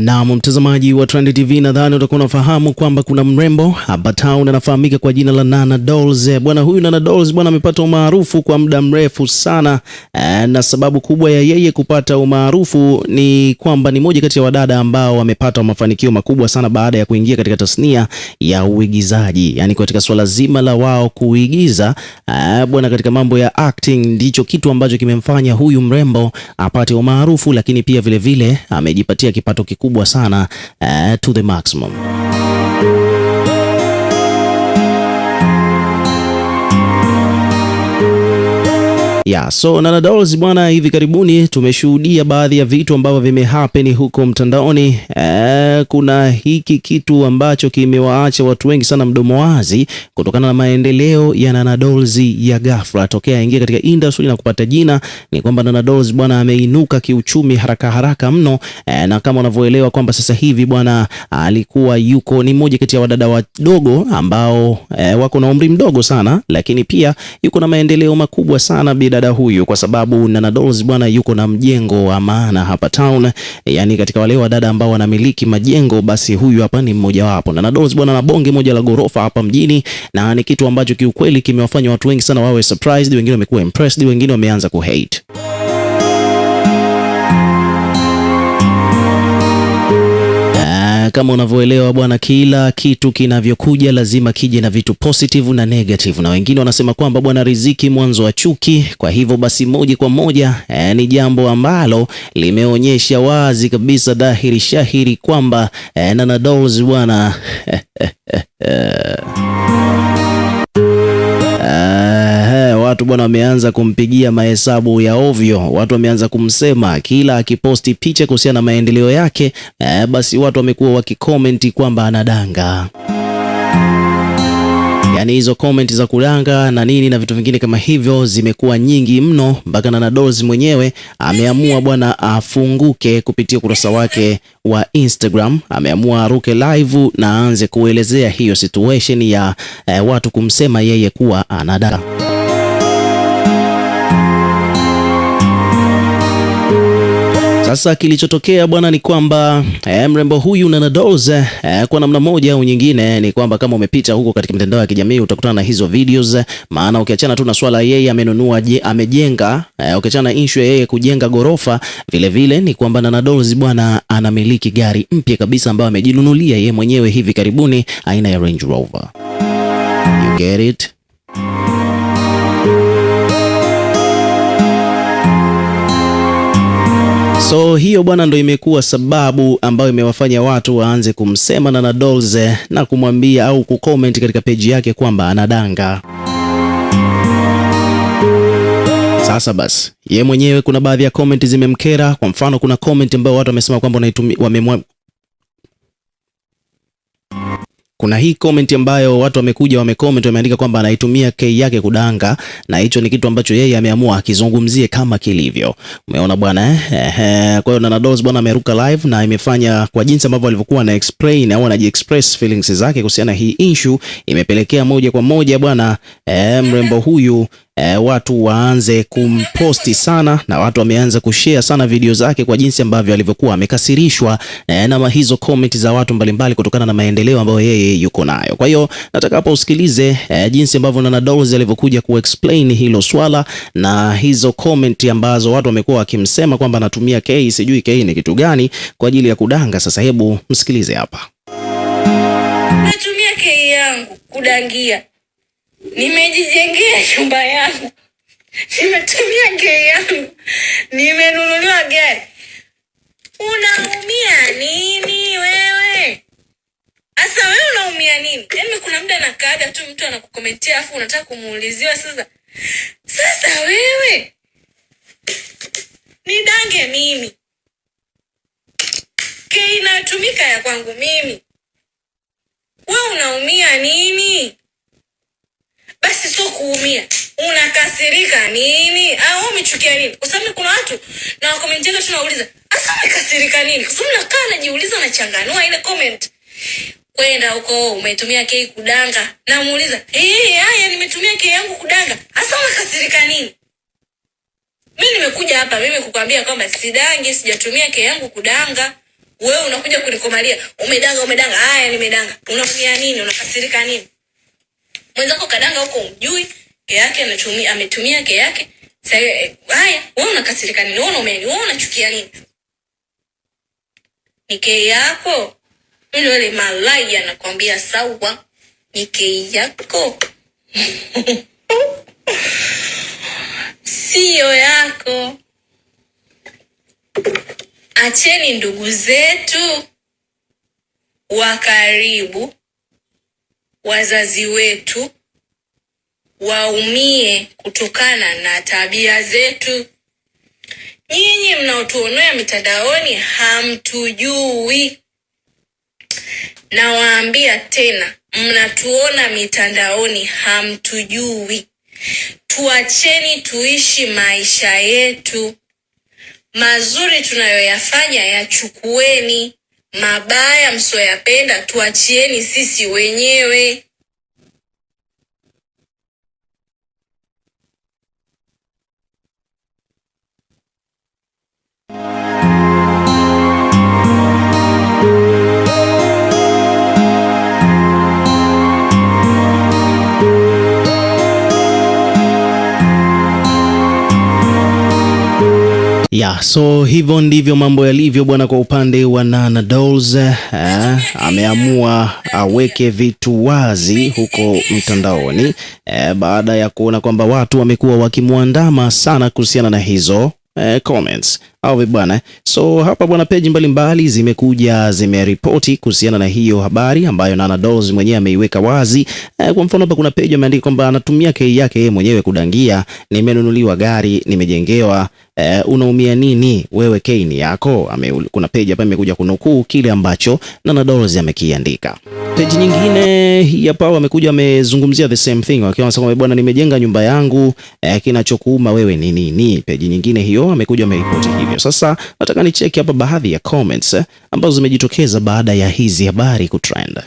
Naam, mtazamaji wa Trend TV, nadhani utakuwa unafahamu kwamba kuna mrembo hapa town anafahamika kwa jina la Nana Dolls. Eh, bwana huyu Nana Dolls bwana amepata umaarufu kwa muda mrefu sana, eh, na sababu kubwa ya yeye kupata umaarufu ni kwamba ni moja kati ya wadada ambao wamepata mafanikio makubwa sana baada ya kuingia katika tasnia ya uigizaji, yaani katika swala zima la wao kuigiza eh, bwana, katika mambo ya acting ndicho kitu ambacho kimemfanya huyu mrembo apate umaarufu, lakini pia vilevile vile, amejipatia kipato kikubwa kubwa sana uh, to the maximum. Yeah, so Nana Dolls bwana, hivi karibuni tumeshuhudia baadhi ya vitu ambavyo vimehappen huko mtandaoni. E, kuna hiki kitu ambacho kimewaacha watu wengi sana mdomo wazi kutokana na maendeleo ya Nana Dolls ya ghafla tokea aingia katika industry na kupata jina. Ni kwamba Nana Dolls bwana ameinuka kiuchumi haraka haraka mno e, na kama unavyoelewa kwamba sasa hivi bwana alikuwa yuko ni mmoja kati ya wadada wadogo ambao e, wako na umri mdogo sana, lakini pia yuko na maendeleo makubwa sana bila dada huyu kwa sababu Nana Dolls bwana yuko na mjengo wa maana hapa town, yani katika wale wadada ambao wanamiliki majengo, basi huyu hapa ni mmojawapo. Nana Dolls bwana na bonge moja la ghorofa hapa mjini, na ni kitu ambacho kiukweli kimewafanya watu wengi sana wawe surprised, wengine wamekuwa impressed, wengine wameanza kuhate. kama unavyoelewa bwana, kila kitu kinavyokuja lazima kije na vitu positive na negative, na wengine wanasema kwamba bwana, riziki mwanzo wa chuki. Kwa hivyo basi, moja kwa moja eh, ni jambo ambalo limeonyesha wazi kabisa dhahiri shahiri kwamba eh, Nana Dolls bwana bwana, wameanza kumpigia mahesabu ya ovyo. Watu wameanza kumsema kila akiposti picha kuhusiana na maendeleo yake eh, basi watu wamekuwa wakikomenti kwamba anadanga. Yaani hizo comment za kudanga na nini na vitu vingine kama hivyo zimekuwa nyingi mno, mpaka na Nadols mwenyewe ameamua bwana afunguke kupitia ukurasa wake wa Instagram. Ameamua aruke live na aanze kuelezea hiyo situation ya eh, watu kumsema yeye kuwa anadanga. Sasa kilichotokea bwana ni kwamba eh, mrembo huyu Nana Dolls eh, kwa namna moja au nyingine ni kwamba kama umepita huko katika mitandao ya kijamii utakutana na hizo videos, maana ukiachana tu na swala yeye amenunua je, amejenga eh, ukiachana na issue yeye kujenga gorofa, vile vile ni kwamba Nana Dolls bwana anamiliki gari mpya kabisa ambayo amejinunulia yeye mwenyewe hivi karibuni aina ya Range Rover. You get it? So hiyo bwana, ndo imekuwa sababu ambayo imewafanya watu waanze kumsema na Dolls na kumwambia au kucomment katika peji yake kwamba anadanga. Sasa basi, ye mwenyewe kuna baadhi ya comment zimemkera. Kwa mfano, kuna comment ambayo watu wamesema kwamba kuna hii comment ambayo watu wamekuja wamecomment wameandika kwamba anaitumia K yake kudanga, na hicho ni kitu ambacho yeye ameamua akizungumzie kama kilivyo. Umeona bwana eh? Kwa hiyo Nana Dolls bwana ameruka live na imefanya kwa jinsi ambavyo alivyokuwa na explain au express feelings zake kuhusiana hii issue, imepelekea moja kwa moja bwana eh, mrembo huyu e, watu waanze kumposti sana na watu wameanza kushare sana video zake kwa jinsi ambavyo alivyokuwa amekasirishwa e, na hizo comment za watu mbalimbali kutokana na maendeleo ambayo yeye yuko nayo. Kwa hiyo nataka hapa usikilize e, jinsi ambavyo Nana Dolls alivyokuja kuexplain hilo swala na hizo comment ambazo watu wamekuwa wakimsema kwamba anatumia K, sijui K ni kitu gani kwa ajili ya kudanga. Sasa hebu msikilize hapa. Natumia K yangu kudangia nimejijengea nyumba yangu, nimetumia gari yangu, nimenunuliwa gari. Unaumia nini wewe? Asa wewe unaumia nini? Yaani kuna muda nakaaga tu mtu anakukomentia afu unataka kumuuliziwa sasa. Sasa wewe nidange mimi Kei inatumika ya kwangu mimi, we unaumia nini? basi sio kuumia. Unakasirika nini au ah, umechukia nini? Kwa sababu kuna watu na comment tu tunauliza "Asa umekasirika nini?" Kwa sababu nakaa najiuliza na changanua ile comment. Kwenda huko umetumia kei kudanga. Namuuliza, "Eh, hey, haya nimetumia kei yangu kudanga. Asa umekasirika nini?" Mimi nimekuja hapa mimi kukwambia kwamba sidangi, sijatumia kei yangu kudanga. Wewe unakuja kunikomalia, umedanga, umedanga. Haya nimedanga. Unaumia nini? Unakasirika nini? Mwenzako kadanga huko ujui ke yake anatumia ametumia ke yake. Sasa eh, haya, wewe unakasirika nini? Wewe unaumeni? Wewe unachukia nini? Ni ke yako. Mimi wale malai anakwambia sawa, ni ke yako. Sio yako. Acheni ndugu zetu wa karibu wazazi wetu waumie kutokana na tabia zetu. Nyinyi mnaotuonea mitandaoni hamtujui, nawaambia tena, mnatuona mitandaoni hamtujui. Tuacheni tuishi maisha yetu mazuri, tunayoyafanya yachukueni Mabaya msiyoyapenda tuachieni sisi wenyewe. Yeah, so hivyo ndivyo mambo yalivyo bwana, kwa upande wa Nana Dolls eh, ameamua aweke vitu wazi huko mtandaoni eh, baada ya kuona kwamba watu wamekuwa wakimwandama sana kuhusiana na hizo eh, comments au bwana. Eh? So hapa bwana, peji mbalimbali zimekuja zimeripoti kuhusiana na hiyo habari ambayo Nana Dolls mwenyewe ameiweka wazi. Eh, Kwa mfano hapa kuna peji ameandika kwamba anatumia kei yake yeye mwenyewe kudangia, nimenunuliwa gari, nimejengewa Uh, unaumia nini wewe, ni yako ame, kuna peji hapa imekuja kunukuu kile ambacho Nana Dolls amekiandika. Peji nyingine hii hapa wamekuja wamezungumzia the same thing wakiwa wanasema kwamba bwana, nimejenga nyumba yangu, uh, kinachokuuma wewe ni nini? Peji nyingine hiyo amekuja ameripoti hivi hivyo sasa nataka nicheki hapa baadhi ya comments eh, ambazo zimejitokeza baada ya hizi habari kutrend.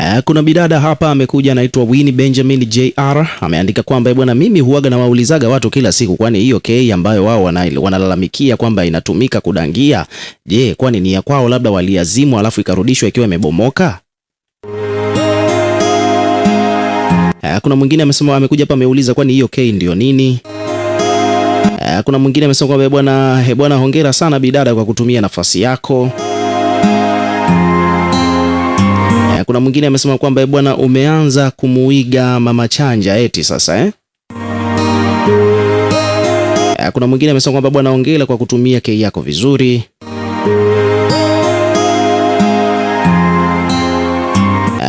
Eh, kuna bidada hapa amekuja anaitwa Winnie Benjamin JR ameandika kwamba eh, bwana, mimi huaga na waulizaga watu kila siku, kwani hiyo k ambayo wao wanalalamikia kwamba inatumika kudangia, je, kwani ni ya kwao? Labda waliazimwa alafu ikarudishwa ikiwa imebomoka? Eh, kuna mwingine amesema amekuja hapa ameuliza kwani hiyo K ndio nini? Eh, kuna mwingine amesema kwamba eh, bwana bwana, hongera sana bidada kwa kutumia nafasi yako. Kuna mwingine amesema kwamba bwana, umeanza kumuiga mama chanja eti sasa eh? Kuna mwingine amesema kwamba bwana, hongera kwa kutumia K yako vizuri.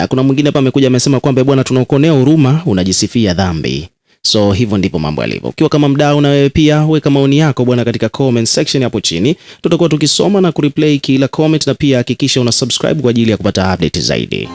kuna mwingine hapa amekuja amesema kwamba bwana, tunakuonea huruma, unajisifia dhambi. So hivyo ndipo mambo yalivyo. Ukiwa kama mdau na wewe pia weka maoni yako bwana katika comment section hapo chini, tutakuwa tukisoma na kureplay kila comment, na pia hakikisha una subscribe kwa ajili ya kupata update zaidi.